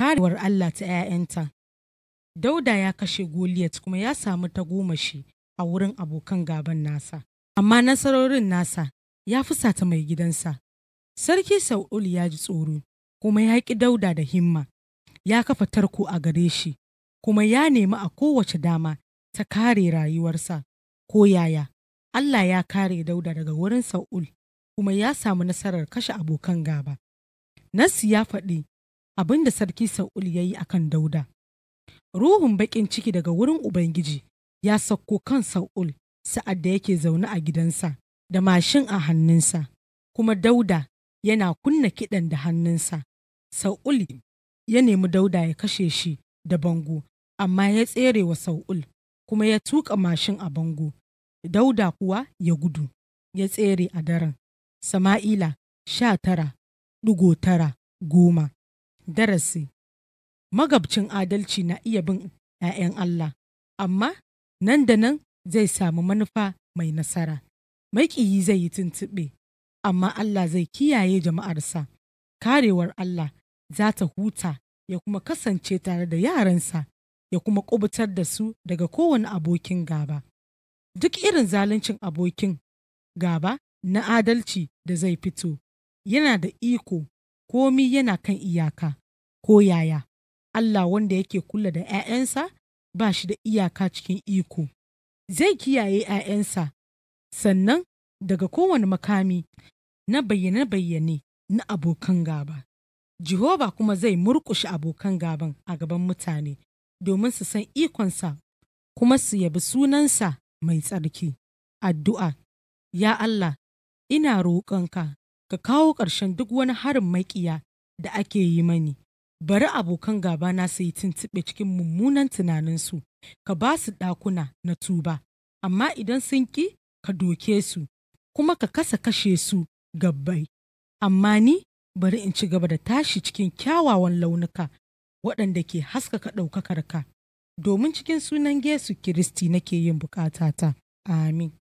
karewar Allah ta 'ya'yanta. Dauda ya kashe Goliyat kuma ya samu tagomashi a wurin abokan gaban nasa. Amma nasarorin nasa ya fusata mai gidansa. Sarki Saul ya ji tsoro kuma ya ƙi Dauda da himma. Ya kafa tarko a gare shi kuma ya nemi a kowace dama ta kare rayuwarsa ko yaya. Allah ya kare Dauda daga wurin Saul kuma ya samu nasarar kashe abokan gaba. Nasi ya faɗi abin da sarki Sa'ul ya yi kan Dauda. Ruhun baƙin ciki daga wurin Ubangiji ya sauko kan Sa'ul sa'ad da yake zaune a gidansa da mashin a hannunsa, kuma Dauda yana kunna kiɗan da hannunsa. Sa'ul ya nemi Dauda ya kashe shi da bango, amma ya tsere wa Sa'ul kuma ya tuƙa mashin a bango. Dauda kuwa ya gudu, ya tsere a daren. Sama'ila sha tara, ɗigo tara, goma. Darasi Magabcin adalci na iya bin ‘ya'yan Allah, amma nan da nan zai samu manufa mai nasara. Maiƙiyi zai yi tuntuɓe, amma Allah zai kiyaye jama'arsa. Karewar Allah za ta huta ya kuma kasance tare da yaransa, ya kuma kubutar da su daga kowane abokin gaba. Duk irin zaluncin abokin gaba na adalci da zai fito, yana da iko, komi yana kan iyaka. ko yaya. Allah wanda yake kula da ‘ya'yansa ba shi da iyaka cikin iko, zai kiyaye ‘ya'yansa, sannan daga kowane makami na bayyane-bayyane na abokan gaba. Jehova kuma zai murƙushe abokan gaban a gaban mutane domin su san ikonsa kuma su yabi sunansa mai tsarki. Addu'a, ya Allah, ina roƙonka ka kawo ƙarshen duk wani harin maƙiya da ake yi mani. bari abokan gabana su yi tuntuɓe cikin mummunan tunaninsu, ka ba su ɗakuna na tuba, amma idan sun ƙi ka doke su, kuma ka kasa kashe su gabbai. Amma ni bari in ci gaba da tashi cikin kyawawan launuka waɗanda ke haskaka ɗaukakarka, domin cikin sunan Yesu Kiristi nake yin bukatata. Amin.